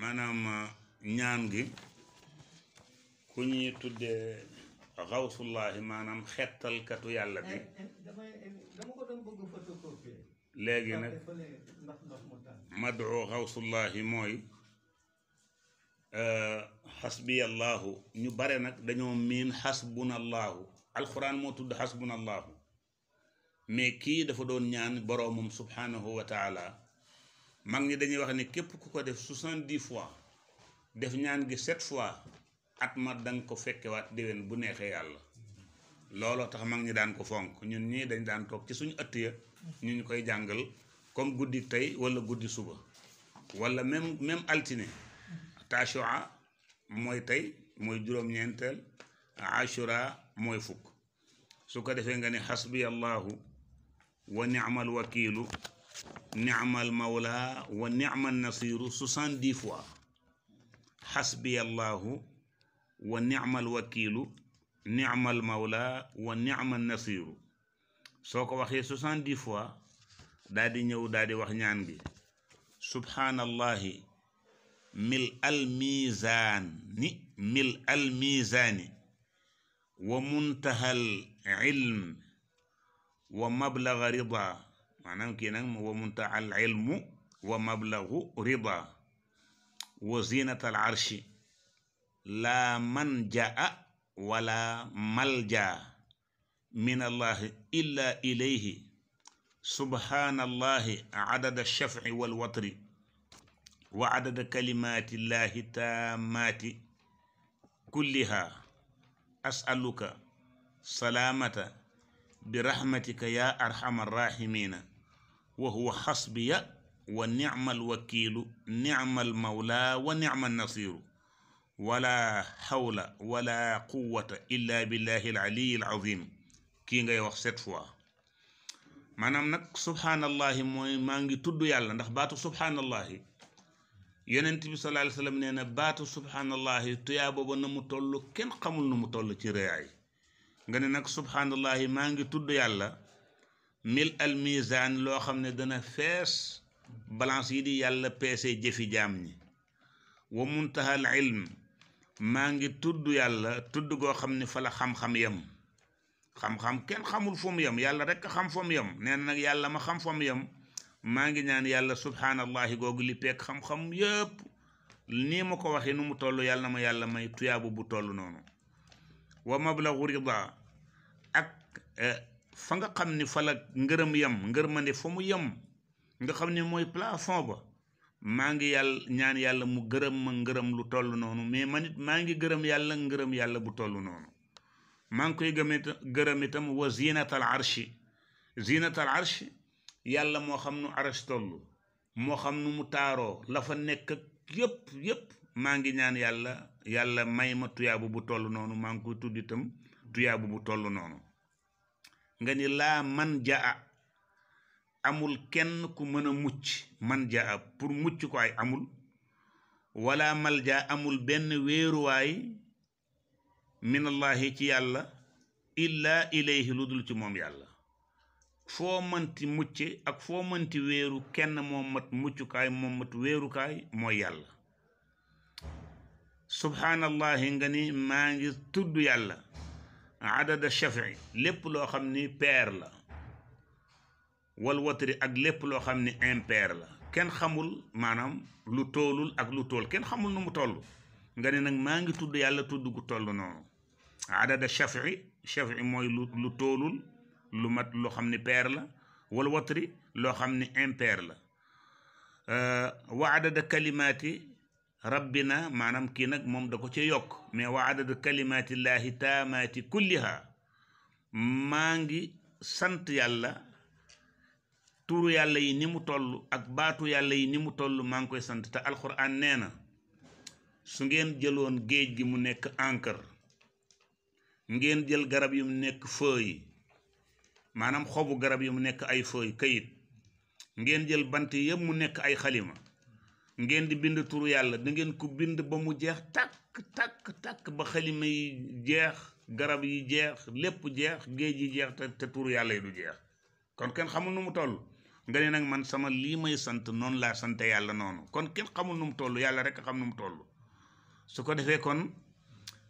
maanaam uh, ñaan gi ku ñuy tuddee xawsullahi maanaam xettalkatu yàlla bi eh, eh, eh, léegi nag madu xawsullahi mooy xasbiyallahu uh, ñu bare nag dañoo miin xasbunallahu alquran moo tudd xasbunallahu mais kii dafa doon ñaan boroomam subhanahu wa mag ñi dañuy wax ni képp ku ko def soixante-dix fois def ñaan gi sept fois at mat danga ko fekkewaat déwén bu neexee yàlla looloo tax mag ñi daan ko fonk ñun ñii dañ daan toog ci suñu ëtt ya ñu ñu koy jàngal comme guddi tey wala guddi suba walla même même altine tashua mooy tey mooy juróom-ñeenteel ashura mooy fukk su ko defee nga ne xasbi allahu wa ni'mal wakiilu ni'mal mawla wa ni'man nasiru soixante-dix fois xasbiyallahu wa ni'mal wakiilu ni'mal mawla wa ni'man nasiru soo ko waxee soixante-dix fois daal di ñëw daal di wax ñaan gi subhaanallahi mil al miizaani mil al miizaani wa muntahal ilm wa mablaga rida maanaam kii nag wa muntaxal ilmu wa mablagu rida wa zinatal arshi laa manjaa wala maljaa min allahi illa ilayhi subhaanallahi adada shafci walwatri wa adada kalimaati llahi taamaati kulliha asaluka salaamata bi rahmatika ya arhama arrahimina wa huwa xasbiya wa nicmal wakiilu nicmal mawla wa nicmal nasiru wala xawla wala quwata illa billahi alaliyi alazim kii ngay wax sept fois maanaam nag subhaanallahi mooy maa ngi tudd yàlla ndax baatu subhaanallahi yonent bi sallallahu alayhi wa sallam nee na baatu subhaanallahi tuyaa booba na mu toll kenn xamul na mu toll ci réyaay nga ne nag subhaanallahi maa ngi tudd yàlla mil al mizaan loo xam ne dana fees balance yi di yàlla peese jëfi jaam ñi wa muntahal ilm maa ngi tudd yàlla tudd goo xam ne fa la xam-xam yem xam-xam kenn xamul fu mu yem yàlla rekk xam fa mu yem nee nag yàlla ma xam fa mu yem maa ngi ñaan yàlla subhaanallahi googu li peeg xam-xam yépp nii ma ko waxee nu mu toll yàlla na ma yàlla may tuyaabu bu toll noonu wa mablagu rida ak eh, fa nga xam ni fa la ngërëm yem ngërmande fa mu yem nga xam ni mooy plafond ba maa ngi yàlla ñaan yàlla mu gërëm ma ngërëm lu toll noonu mais man maa ngi gërëm yàlla ngërëm yàlla bu toll noonu maa ngi koy gëmit gërëmitam itam wa zinatal arshi zinatal arshi yàlla moo xam nu arsh toll moo xam nu mu taaroo la fa nekk yëpp yëpp maa ngi ñaan yàlla yàlla may ma tuyaabu bu toll noonu maa ngi koy tudd itam tuyaabu bu toll noonu nga ni laa man jaa amul kenn ku mëna mucc man jaa pour mucc ko ay amul wala ja amul benn wéeruwaay minallahi ci yàlla illa ilayhi lu dul ci moom yàlla foo mënti mucc ak foo mënti wéeru kenn moo mat muccukaay moo mat wéerukaay mooy yàlla subhaanallahi nga ni maa ngi tudd yàlla adada shafi lépp loo xam ni pair la wal watri ak lépp loo xam ni impair la kenn xamul maanaam lu toolul ak lu tool kenn xamul nu mu toll nga ne nag maa ngi tudd yàlla tudd gu toll noonu adada shafi shafi mooy lu lu toolul lu mat loo xam ni pair la wal watri loo xam ni impair la wa adada kalimaati na maanaam kii nag moom da ko ci yokk mais wa adadu kalimaatillahi taamaati kulliha maa ngi sant yàlla tuuru yàlla yi ni mu toll ak baatu yàlla yi ni mu toll maa ngi koy sant te alxuraan nee na su ngeen jëloon géej gi mu nekk encre ngeen jël garab yu mu nekk feuille maanaam xobu garab yu mu nekk ay feuille kayit ngeen jël bant yëpp mu nekk ay xalima ngeen di bind turu yàlla da ngeen ko bind ba mu jeex takk takk takk ba xalima yi jeex garab yi jeex lépp jeex géej yi jeex te te yàlla yi du jeex kon kenn xamul nu mu toll nga ne nag man sama lii may sant noonu laa sante yàlla noonu kon kenn xamul nu mu toll yàlla rek xam nu mu toll su ko defee kon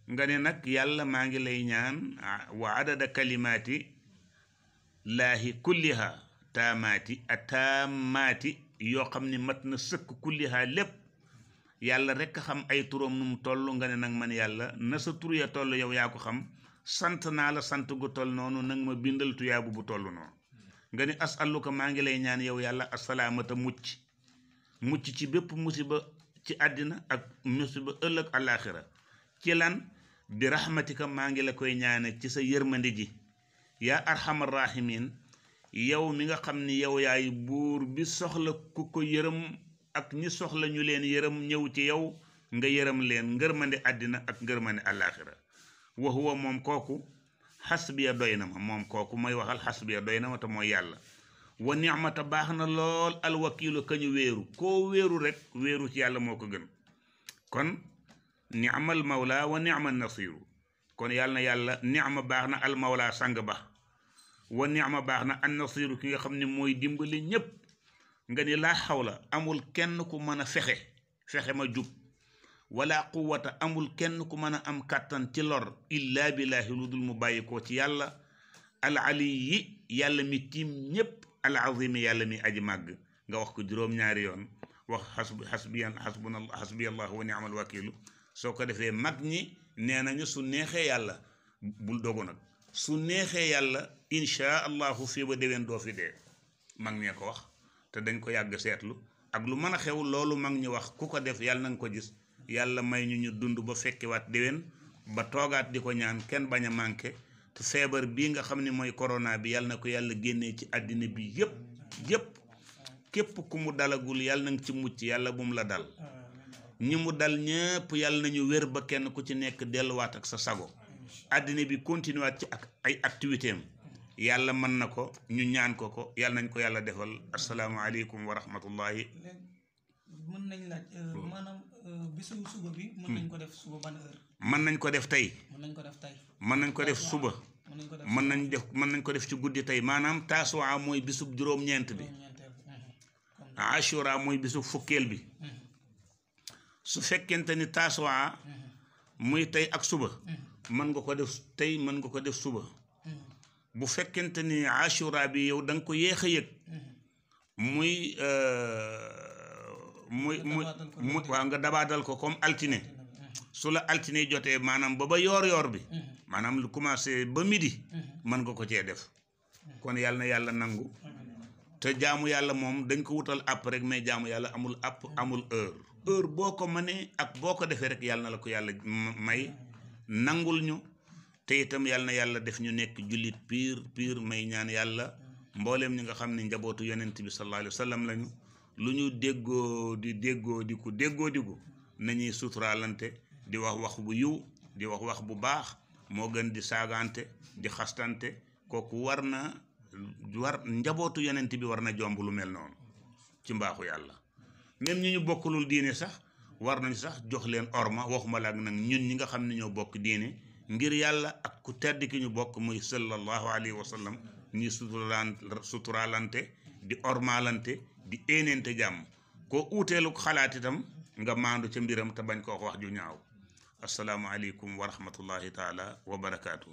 nga ne nag yàlla maa ngi lay ñaan wa adada kalimaati laahi kulliha taamaati a taamaati yoo xam ne mat na sëkk kullihaa lépp yàlla rekk xam ay turam nu mu toll nga ne nag man yàlla na sa tur ya toll yow yaa ko xam sant naa la sant gu toll noonu nag ma bindal tuyaabu bu toll noonu nga ne asaluka maa ngi lay ñaan yow yàlla asalaamata mucc mucc ci bépp musiba ci àddina ak musiba ëllëg alaaxira ci lan bi rahmatika maa ngi la koy ñaane ci sa yërmande ji yaa arhamar rahimin yow mi nga xam ni yow yaay buur bi soxla ku ko yërëm ak ñi soxla ñu leen yërëm ñëw ci yow nga yërëm leen ngërmande àddina ak ngërmande àllaaxira wa huwa moom kooku xasbiya doy na ma moom kooku may waxal xasbiya doy na ma te mooy yàlla wa a baax na lool alwakiilu ka ñu wéeru koo weeru rek wéeru ci yàlla moo ko gën kon nicmal mawla wa nicmal nasiru kon yàlla na yàlla nicma baax na almawla sang ba wa a baax na an nasiru ki nga xam ne mooy dimbali ñépp nga ni laa xawla amul kenn ku mën a fexe fexe ma jub wala quwata amul kenn ku mën a am kàttan ci lor illaa billaahi lu dul mu bàyyi ko ci yàlla al aliyi yàlla mi tiim ñépp al azimi yàlla mi aji màgg nga wax ko juróom-ñaari yoon wax xasb xasbiyan xasbuna xasbi allah wa ni'mal wakilu soo ko defee mag ñi nee nañu su neexee yàlla bul dogu nag su neexee yàlla insha allahu fii ba déwén doo fi dee mag ñee ko wax te dañ ko yàgg seetlu ak lu mën a xew loolu mag ñi wax ku ko def yàlla na ko gis yàlla may ñu ñu dund ba fekkiwaat déwén ba toogaat di ko ñaan kenn bañ a manqué feebar bii nga xam ne mooy corona bi yàlla na ko yàlla génnee ci àddina bi yëpp yëpp képp ku mu dalagul yàlla na ci mucc yàlla bu mu la dal ñi mu dal ñëpp yàlla nañu wér ba kenn ku ci nekk delluwaat ak sa sago àddina bi continuer ci ak ay activité am yàlla mën na ko ñu ñaan ko ko yàlla nañ ko yàlla defal asalaamaaleykum wa rahmatullahi mën nañ laaj euh, maanaam euh, bisu suba mën hmm. nañ ko def suba mën nañ ko def tey mën nañ ko def tey mën ko def suba mën nañ def mën nañ ko def ci guddi tey maanaam taasuwaa mooy bisub juróom-ñeent bi hmm. ashura mooy bisu fukkeel bi hmm. su fekkente ni taasuwaa muy tey ak suba mën nga ko def tey mën nga ko def suba mm-hmm. bu fekkente ni ashura bi yow da nga ko yéex a yëg mm-hmm. muy euh, muy muy mu waaw nga dabaatal ko comme altine mm-hmm. su la altine jotee maanaam ba ba yoor yoor bi maanaam lu commencé ba midi mën nga ko cee def kon yàlla na yàlla nangu te jaamu yàlla moom dañ ko wutal app rek mais jaamu yàlla amul app amul heure heure boo ko mënee ak boo ko defee rek yàlla na la ko yàlla may nangul ñu te itam yàlla na yàlla def ñu nekk jullit piir piir may ñaan yàlla mbooleem ñi nga xam ne njabootu yenent bi sallallahu alayhi wa sallam lañu lu ñu déggoo di déggoo di ku déggoo digu di wax wax bu yiw di wax wax bu baax moo gën di saagante di xastante kooku war na war njabootu yonent bi war na jomb lu mel noonu ci mbaaxu yàlla même ñi ñu bokkulul diine sax war nañ sax jox leen orma waxuma la ak nag ñun ñi nga xam ne ñoo bokk diine ngir yàlla ak ku tedd ki ñu bokk muy sallallahu alayhi wa sallam ñuy suturaan suturaalante di ormaalante di éeneente jàmm koo uuteelu xalaat itam nga maandu ca mbiram te bañ koo wax ju ñaaw assalaamu aleykum wa rahmatullahi taala